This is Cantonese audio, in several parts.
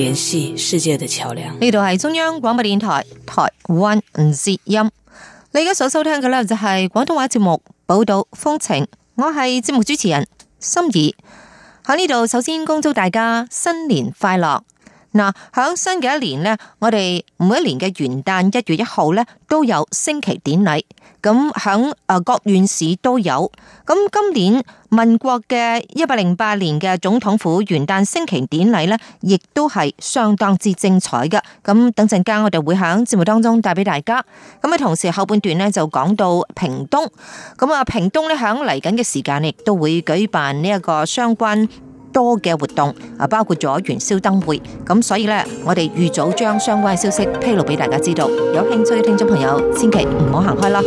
聯繫世界的橋樑。呢度係中央廣播電台台灣之音。你而家所收聽嘅呢，就係廣東話節目《寶島風情》，我係節目主持人心儀。喺呢度首先恭祝大家新年快樂。嗱，喺新嘅一年呢，我哋每一年嘅元旦一月一號呢都有升旗典禮，咁響誒各縣市都有。咁今年民國嘅一百零八年嘅總統府元旦升旗典禮呢，亦都係相當之精彩嘅。咁等陣間我哋會喺節目當中帶俾大家。咁啊，同時後半段呢，就講到屏東。咁啊，屏東呢，響嚟緊嘅時間，亦都會舉辦呢一個相關。多嘅活動啊，包括咗元宵燈會，咁所以呢，我哋預早將相關消息披露俾大家知道。有興趣嘅聽眾朋友，千祈唔好行開啦。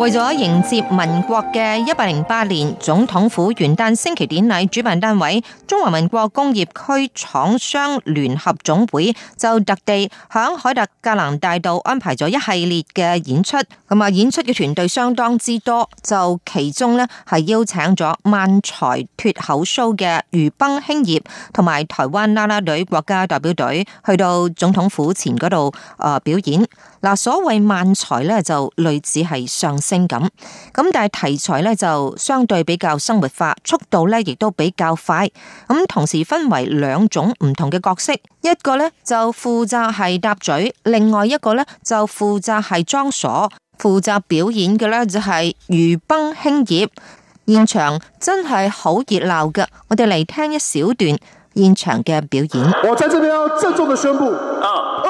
為咗迎接民國嘅一百零八年總統府元旦星期典禮，主辦單位中華民國工業區廠商聯合總會就特地響凱達格蘭大道安排咗一系列嘅演出，咁啊演出嘅團隊相當之多，就其中呢係邀請咗漫才脱口 show 嘅魚蹦興業同埋台灣啦啦隊國家代表隊去到總統府前嗰度誒表演。嗱，所謂漫才咧，就類似係相聲咁，咁但係題材咧就相對比較生活化，速度咧亦都比較快，咁同時分為兩種唔同嘅角色，一個咧就負責係搭嘴，另外一個咧就負責係裝傻，負責表演嘅咧就係魚崩興業，現場真係好熱鬧㗎，我哋嚟聽一小段現場嘅表演。我在這邊要鄭重的宣布，啊！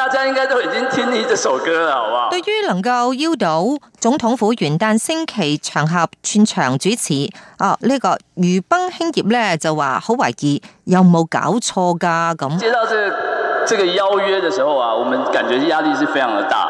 大家應該都已經聽呢這首歌啦，好唔好？對於能夠邀到總統府元旦升旗場合串場主持，啊、哦這個、呢個余斌興業咧就話好懷疑有冇搞錯噶咁。接到這個、這個邀約的時候啊，我們感覺壓力是非常的大。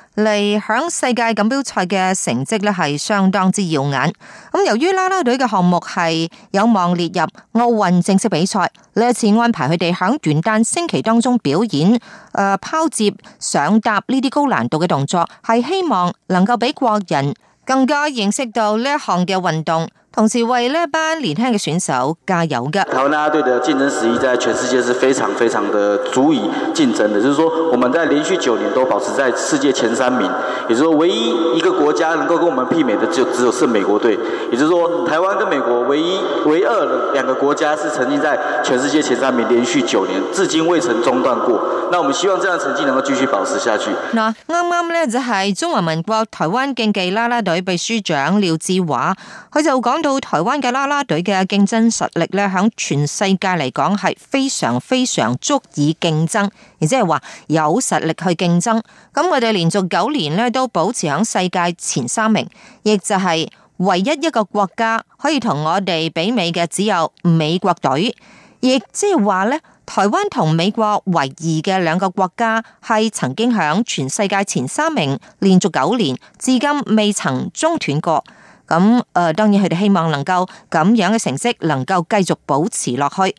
嚟響世界錦標賽嘅成績咧係相當之耀眼。咁由於啦啦隊嘅項目係有望列入奧運正式比賽，呢一次安排佢哋響元旦星期當中表演誒、呃、拋接、上搭呢啲高難度嘅動作，係希望能夠俾國人更加認識到呢一項嘅運動。同時為呢一班年輕嘅選手加油嘅，台灣啦啦隊嘅競爭實力在全世界是非常非常的足以競爭的。就是說，我們在連續九年都保持在世界前三名，也就是說，唯一一個國家能夠跟我們媲美的就只有是美國隊。也就是說，台灣跟美國唯一、唯二兩個國家是曾經在全世界前三名連續九年，至今未曾中斷過。那我們希望這樣成績能夠繼續保持下去。嗱，啱啱呢，就係中華民國台灣競技啦啦隊秘書長廖志華，佢就講。到台灣嘅啦啦隊嘅競爭實力咧，響全世界嚟講係非常非常足以競爭，亦即係話有實力去競爭。咁我哋連續九年咧都保持響世界前三名，亦就係唯一一個國家可以同我哋媲美嘅只有美國隊，亦即係話咧，台灣同美國唯二嘅兩個國家係曾經響全世界前三名，連續九年至今未曾中斷過。咁，誒，當然佢哋希望能夠咁樣嘅成績能夠繼續保持落去。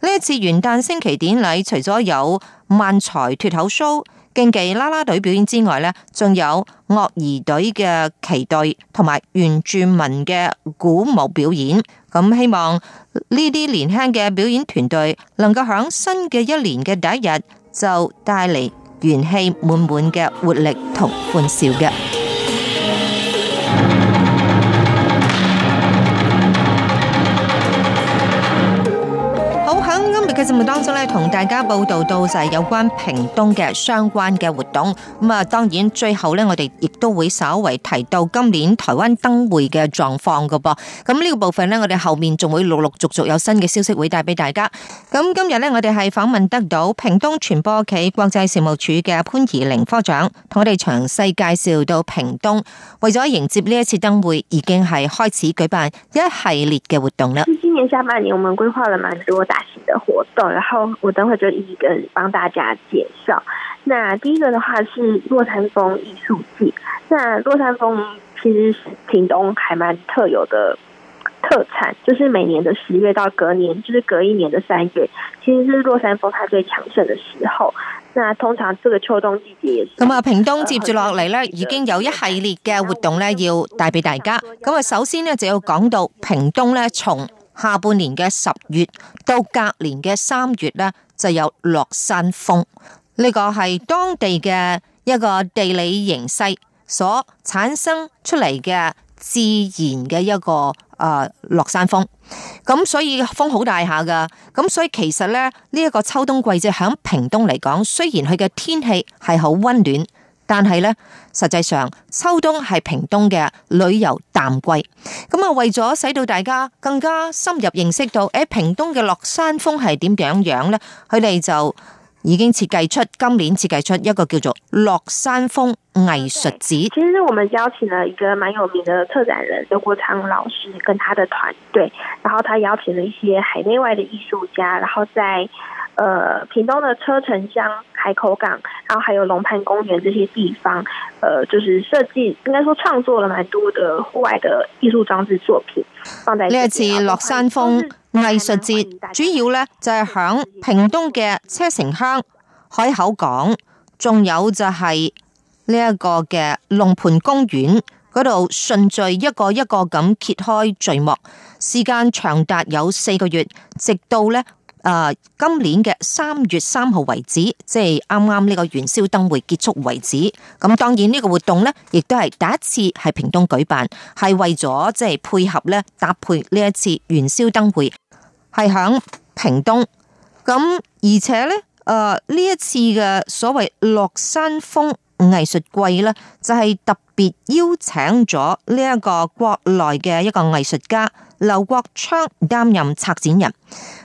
呢一次元旦升旗典禮，除咗有萬才脫口 show、競技啦啦隊表演之外咧，仲有樂兒隊嘅旗隊同埋原住民嘅鼓舞表演。咁希望呢啲年輕嘅表演團隊，能夠響新嘅一年嘅第一日，就帶嚟元氣滿滿嘅活力同歡笑嘅。嘅節目當中咧，同大家報道到就係有關屏東嘅相關嘅活動。咁啊，當然最後呢，我哋亦都會稍微提到今年台灣燈會嘅狀況噶噃。咁呢個部分呢，我哋後面仲會陸陸續續有新嘅消息會帶俾大家。咁今日呢，我哋係訪問得到屏東傳播暨國際事務處嘅潘怡玲科長，同我哋詳細介紹到屏東為咗迎接呢一次燈會，已經係開始舉辦一系列嘅活動啦。今年下半年，我們規劃了蠻多大型嘅活。然後我等會就一跟幫大家介紹。那第一個的話是落山風藝術季。那落山風其實是屏東還蠻特有的特產，就是每年的十月到隔年，就是隔一年的三月，其實是落山風它最強盛的時候。那通常這個秋冬季節也是。咁啊，屏東接住落嚟呢，已經有一系列嘅活動呢，要帶俾大家。咁啊，首先呢，就要講到屏東呢。從。下半年嘅十月到隔年嘅三月咧，就有落山風。呢、這個係當地嘅一個地理形勢所產生出嚟嘅自然嘅一個誒、呃、落山風。咁所以風好大一下噶。咁所以其實咧呢一、這個秋冬季節響屏東嚟講，雖然佢嘅天氣係好溫暖。但係呢，實際上秋冬係屏東嘅旅遊淡季，咁啊為咗使到大家更加深入認識到誒屏東嘅落山風係點樣樣呢？佢哋就已經設計出今年設計出一個叫做落山風藝術展。其實我們邀請了一個蠻有名嘅策展人劉國昌老師跟他的團隊，然後他邀請了一些海內外嘅藝術家，然後在。呃，屏東的車城鄉、海口港，然後還有龍盤公園這些地方，呃，就是設計應該說創作了蠻多的戶外的藝術裝置作品。放在呢一次落山風藝術節，主要呢就係響屏東嘅車城鄉、海口港，仲有就係呢一個嘅龍盤公園嗰度，順序一個一個咁揭開序幕，時間長達有四個月，直到呢呃、今年嘅三月三號為止，即係啱啱呢個元宵燈會結束為止。咁當然呢個活動呢，亦都係第一次喺屏東舉辦，係為咗即係配合呢，搭配呢一次元宵燈會，係響屏東。咁而且呢，誒、呃、呢一次嘅所謂落山風藝術季呢，就係特別邀請咗呢一個國內嘅一個藝術家劉國昌擔任策展人，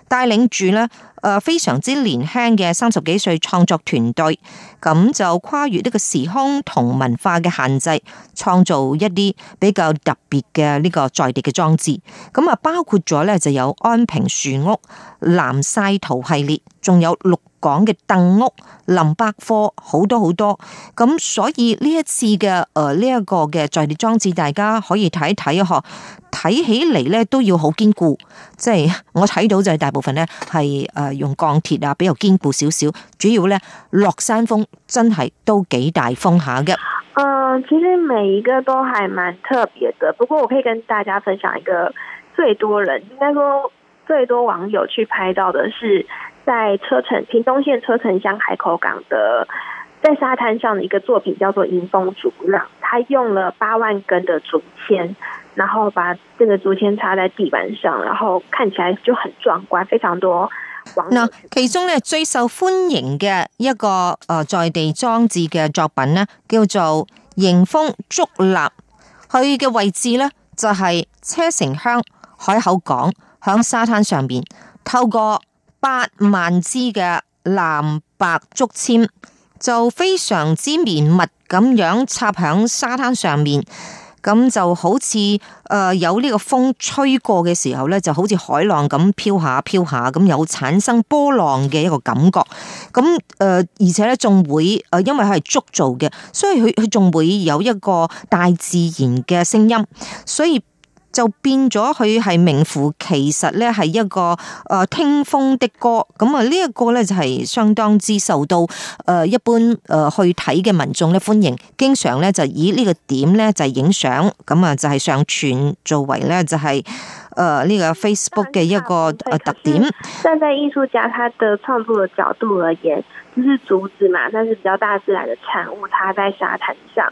帶領住呢，誒、非常之年輕嘅三十幾歲創作團隊，咁就跨越呢個時空同文化嘅限制，創造一啲比較特別嘅呢個在地嘅裝置，咁啊，包括咗呢就有安平樹屋、藍曬圖系列，仲有六講嘅鄧屋林百科好多好多咁，所以呢，一次嘅誒，呢一個嘅在地裝置，大家可以睇一睇嗬，睇起嚟咧都要好堅固，即係我睇到就係大部分咧係誒用鋼鐵啊，比較堅固少少。主要咧，落山風真係都幾大風下嘅。嗯、呃，其實每一個都還蠻特別嘅。不過我可以跟大家分享一個最多人，應該說最多網友去拍到嘅是。在車城屏東縣車城鄉海口港的，在沙灘上的一個作品叫做《迎風逐浪》，他用了八萬根的竹籤，然後把這個竹籤插在地板上，然後看起來就很壯觀，非常多。其中呢最受歡迎嘅一個在地裝置嘅作品呢，叫做《迎風竹立》，佢嘅位置呢就係車城鄉海口港響沙灘上面透過。八萬支嘅藍白竹籤就非常之綿密咁樣插響沙灘上面，咁就好似誒有呢個風吹過嘅時候呢就好似海浪咁飄下飄下，咁有產生波浪嘅一個感覺。咁誒而且呢，仲會誒因為佢係竹做嘅，所以佢佢仲會有一個大自然嘅聲音，所以。就變咗佢係名副其實咧，係一個誒聽風的歌咁啊。呢一個咧就係相當之受到誒一般誒去睇嘅民眾咧歡迎，經常咧就以呢個點咧就係影相，咁啊就係上傳作為咧就係誒呢個 Facebook 嘅一個誒特點，但站在藝術家他的創作嘅角度而言，就是竹子嘛，但是比較大自然嘅產物，它在沙灘上。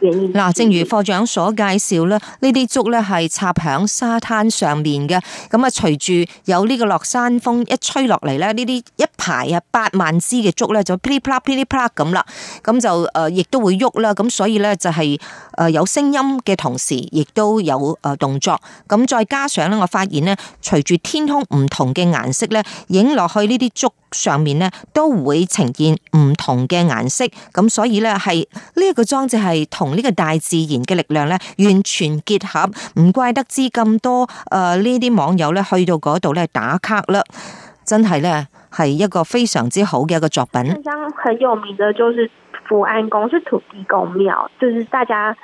嗱，正如課長所介紹咧，呢啲竹咧係插響沙灘上面嘅。咁啊，隨住有呢個落山風一吹落嚟咧，呢啲一排啊八萬支嘅竹咧就噼里啪啦、噼里啪啦咁啦，咁就誒亦都會喐啦。咁所以咧就係誒有聲音嘅同時，亦都有誒動作。咁再加上咧，我發現咧，隨住天空唔同嘅顏色咧，影落去呢啲竹上面咧，都會呈現唔同嘅顏色。咁所以咧係呢一個裝置係同，同呢個大自然嘅力量呢，完全結合，唔怪得知咁多誒呢啲網友呢去到嗰度呢打卡啦，真係呢，係一個非常之好嘅一個作品。呢張很有名嘅就是福安宮，是土地公廟，就是大家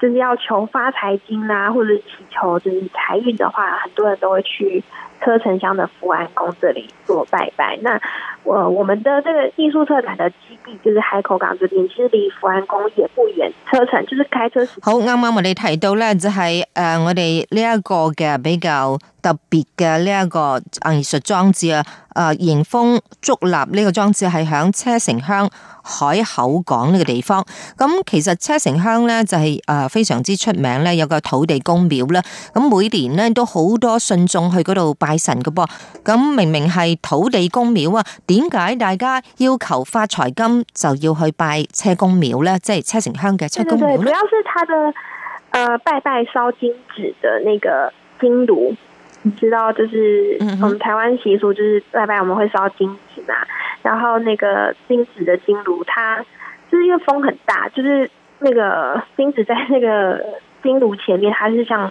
就是要求發財經啦、啊，或者祈求就是財運嘅話，很多人都會去。車城鄉的福安宮這裏做拜拜，那我我們，我們這的這個藝術特展的基地就是海口港這邊，其實離福安宮也不遠，車城就是開車。好啱啱我哋提到呢，就係誒我哋呢一個嘅比較特別嘅呢一個藝術裝置啊，誒迎風矗立呢個裝置係響車城鄉海口港呢個地方。咁其實車城鄉呢，就係誒非常之出名呢，有個土地公廟啦。咁每年呢，都好多信眾去嗰度拜。拜神嘅噃，咁明明係土地公廟啊，點解大家要求發財金就要去拜車公廟呢？即、就、係、是、車城鄉嘅車公廟。對對，主要是它的，呃，拜拜燒金紙的那個金爐，你知道，就是我們台灣習俗，就是拜拜我們會燒金紙嘛，然後那個金紙的金爐，它就是因為風很大，就是那個金紙在那個金爐前面，它是像。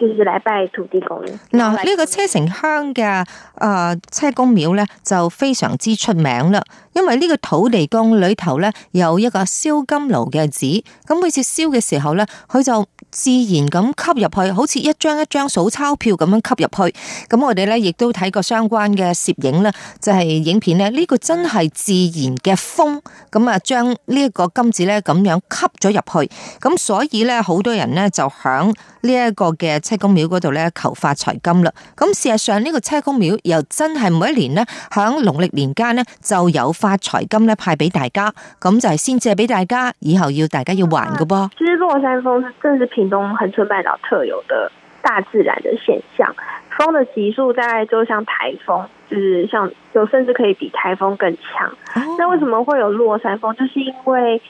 叫、這、呢個車城鄉嘅誒車公廟呢，就非常之出名啦，因為呢個土地公裏頭呢，有一個燒金爐嘅紙，咁每次燒嘅時候呢，佢就自然咁吸入去，好似一張一張數鈔票咁樣吸入去。咁我哋呢，亦都睇過相關嘅攝影咧，就係影片呢，呢個真係自然嘅風，咁啊將呢一個金紙呢咁樣吸咗入去。咁所以呢，好多人呢，就響呢一個嘅。車公廟嗰度咧求發財金啦，咁事實上呢個車公廟又真係每一年呢，響農曆年間呢，就有發財金咧派俾大家，咁就係先借俾大家，以後要大家要還嘅噃。其實落山風正是屏東恆春半島特有的大自然的現象，風的級數大概就像台風，就是像，就甚至可以比台風更強。那為什麼會有落山風？就是因為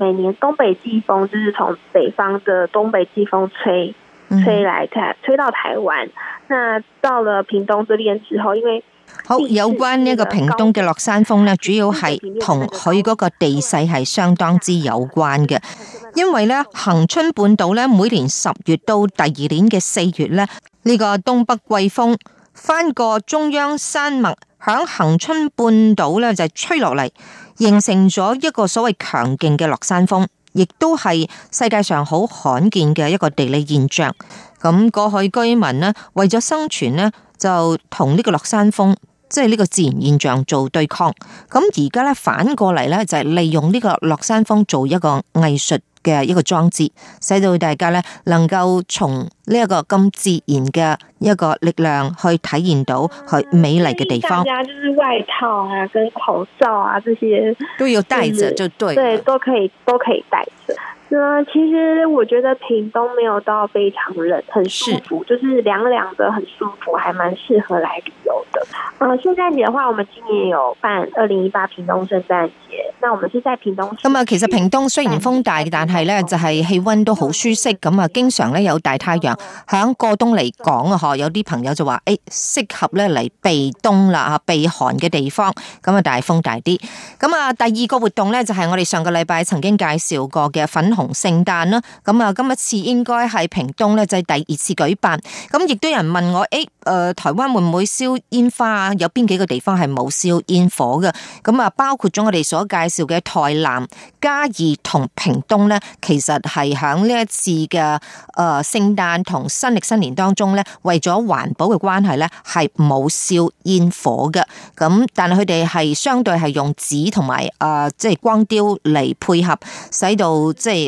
每年東北季風就是從北方的東北季風吹。吹來台，吹到台灣。那到了屏東這邊之後，因為好有關呢個屏東嘅落山風呢，主要係同佢嗰個地勢係相當之有關嘅。因為呢，恆春半島呢，每年十月到第二年嘅四月呢，呢個東北季風翻過中央山脈，響恆春半島呢就吹落嚟，形成咗一個所謂強勁嘅落山風。亦都係世界上好罕見嘅一個地理現象。咁過去居民呢為咗生存呢就同呢個落山風，即係呢個自然現象做對抗。咁而家呢，反過嚟呢，就係利用呢個落山風做一個藝術。嘅一個裝置，使到大家咧能夠從呢一個咁自然嘅一個力量去體驗到去美麗嘅地方。大家就是外套啊，跟口罩啊，這些都要戴着就對，對都可以都可以戴着。其實我覺得屏東沒有到非常冷，很舒服，就是涼涼的，很舒服，還蠻適合來旅遊的。嗯、呃，現在的話，我們今年有辦二零一八屏東聖誕節，那我們是在屏東處處。咁啊，其實屏東雖然風大，但係呢就係氣溫都好舒適。咁啊，經常呢有大太陽。響過冬嚟講啊，嗬，有啲朋友就話，誒、哎，適合呢嚟避冬啦，吓避寒嘅地方。咁啊，大風大啲。咁啊，第二個活動呢，就係我哋上個禮拜曾經介紹過嘅粉。同聖誕啦，咁啊，今一次應該係屏東咧，就係第二次舉辦。咁亦都有人問我，誒，誒，台灣會唔會燒煙花啊？有邊幾個地方係冇燒煙火嘅？咁啊，包括咗我哋所介紹嘅台南、嘉義同屏東咧，其實係響呢一次嘅誒聖誕同新曆新年當中咧，為咗環保嘅關係咧，係冇燒煙火嘅。咁但係佢哋係相對係用紙同埋誒，即係光雕嚟配合，使到即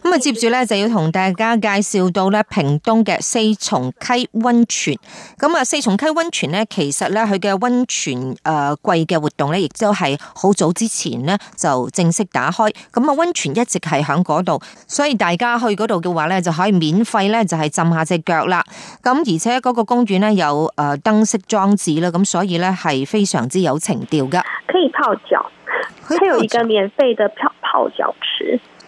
咁啊，接住咧就要同大家介紹到咧屏東嘅四重溪溫泉。咁啊，四重溪溫泉咧，其實咧佢嘅溫泉誒季嘅活動咧，亦都係好早之前咧就正式打開。咁啊，溫泉一直係喺嗰度，所以大家去嗰度嘅話咧，就可以免費咧就係浸下隻腳啦。咁而且嗰個公園咧有誒燈飾裝置啦，咁所以咧係非常之有情調噶。可以泡腳，佢有一個免費嘅泡泡腳池。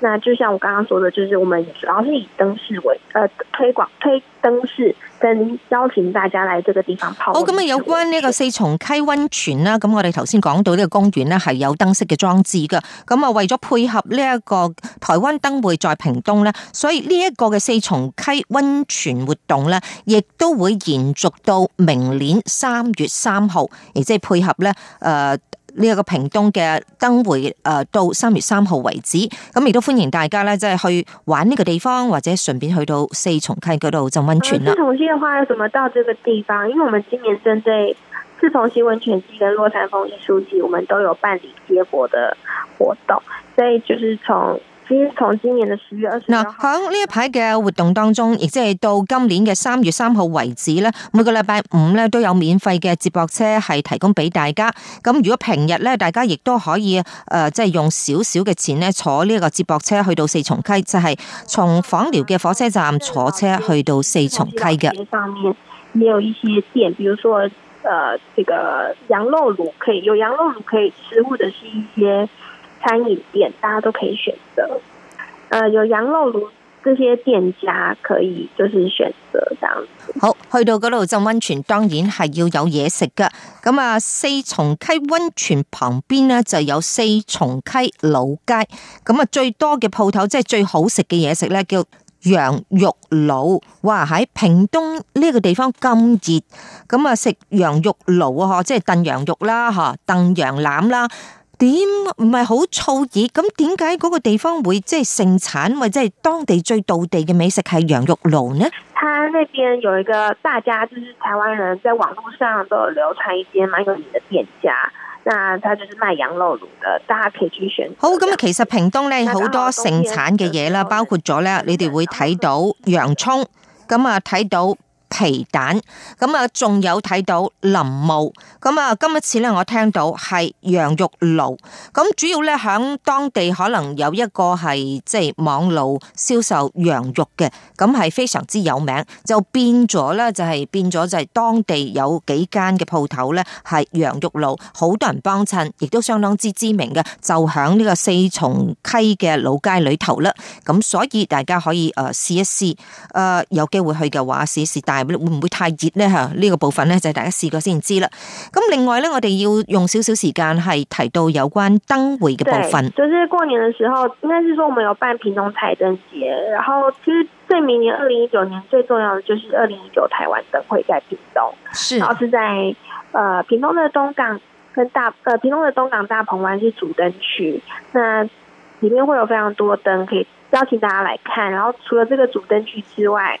那就像我剛剛說的，就是我們主要是以燈飾為，呃推廣推燈飾跟邀請大家來這個地方泡好，咁啊有關呢個四重溪温泉啦，咁我哋頭先講到呢個公園呢，係有燈飾嘅裝置噶，咁啊為咗配合呢一個台灣燈會在屏東呢，所以呢一個嘅四重溪温泉活動呢，亦都會延續到明年三月三號，亦即係配合呢。誒。呢、這、一個屏東嘅燈會誒，到三月三號為止，咁亦都歡迎大家咧，即係去玩呢個地方，或者順便去到四重溪嗰度浸溫泉啦。四重溪嘅話，要怎麼到這個地方？因為，我們今年針對四重溪溫泉季跟落山風藝術季，我們都有辦理結果的活動，所以就是從。從今年嘅十月二十嗱，響呢一排嘅活動當中，亦即係到今年嘅三月三號為止，每個禮拜五都有免費嘅接駁車係提供俾大家。咁如果平日呢，大家亦都可以誒，即係用少少嘅錢呢，坐呢個接駁車去到四重溪，就係從枋寮嘅火車站坐車去到四重溪嘅，嗯嗯嗯嗯嗯。上面也有一些店，比如說誒、呃，這個羊肉爐可以有羊肉爐可以吃，或者是一些。餐飲店大家都可以選擇，呃，有羊肉爐這些店家可以就是選擇這樣。好，去到嗰度浸溫泉，當然係要有嘢食噶。咁啊，四重溪溫泉旁邊呢就有四重溪老街。咁啊，最多嘅鋪頭即係最好食嘅嘢食呢，叫羊肉爐。哇，喺屏東呢個地方咁熱，咁啊食羊肉爐啊，即係燉羊肉啦，吓燉羊腩啦。點唔係好燥熱，咁點解嗰個地方會即係盛產，或者係當地最道地嘅美食係羊肉爐呢？他呢邊有一個，大家就是台灣人在網絡上都有流傳一間蠻有名嘅店家，那他就是賣羊肉爐嘅，大家可以去選。好，咁啊，其實屏東咧好多盛產嘅嘢啦，包括咗咧，你哋會睇到洋蔥，咁啊睇到。皮蛋，咁啊，仲有睇到林木，咁啊，今一次咧，我聽到係羊肉爐，咁主要咧響當地可能有一個係即係網路銷售羊肉嘅，咁係非常之有名，就變咗咧就係、是、變咗就係當地有幾間嘅鋪頭咧係羊肉爐，好多人幫襯，亦都相當之知名嘅，就響呢個四重溪嘅老街裏頭啦，咁所以大家可以誒試一試，誒有機會去嘅話試一試大。會唔會太熱呢？吓、這、呢個部分呢，就係、是、大家試過先知啦。咁另外呢，我哋要用少少時間係提到有關燈會嘅部分。就是過年嘅時候，應該是說我們有辦屏東彩燈節。然後其實最明年二零一九年最重要的就是二零一九台灣燈會在屏東，是然後是在誒、呃、屏東的東港跟大誒、呃、屏東嘅東港大鵬灣是主燈區。那裡面會有非常多燈可以邀請大家來看。然後除了這個主燈區之外，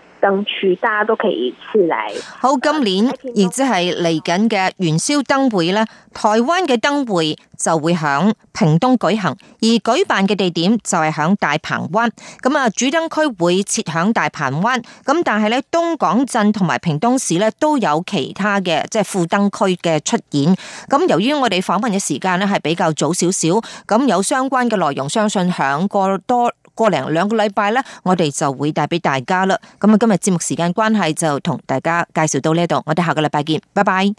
燈大家都可以好，今年亦即係嚟緊嘅元宵燈會呢，台灣嘅燈會就會響屏東舉行，而舉辦嘅地點就係響大鵬灣。咁啊，主燈區會設響大鵬灣，咁但係呢，東港鎮同埋屏東市呢都有其他嘅即係副燈區嘅出現。咁由於我哋訪問嘅時間呢係比較早少少，咁有相關嘅內容，相信響過多。過零兩個禮拜咧，我哋就會帶畀大家啦。咁啊，今日節目時間關係，就同大家介紹到呢度。我哋下個禮拜見，拜拜。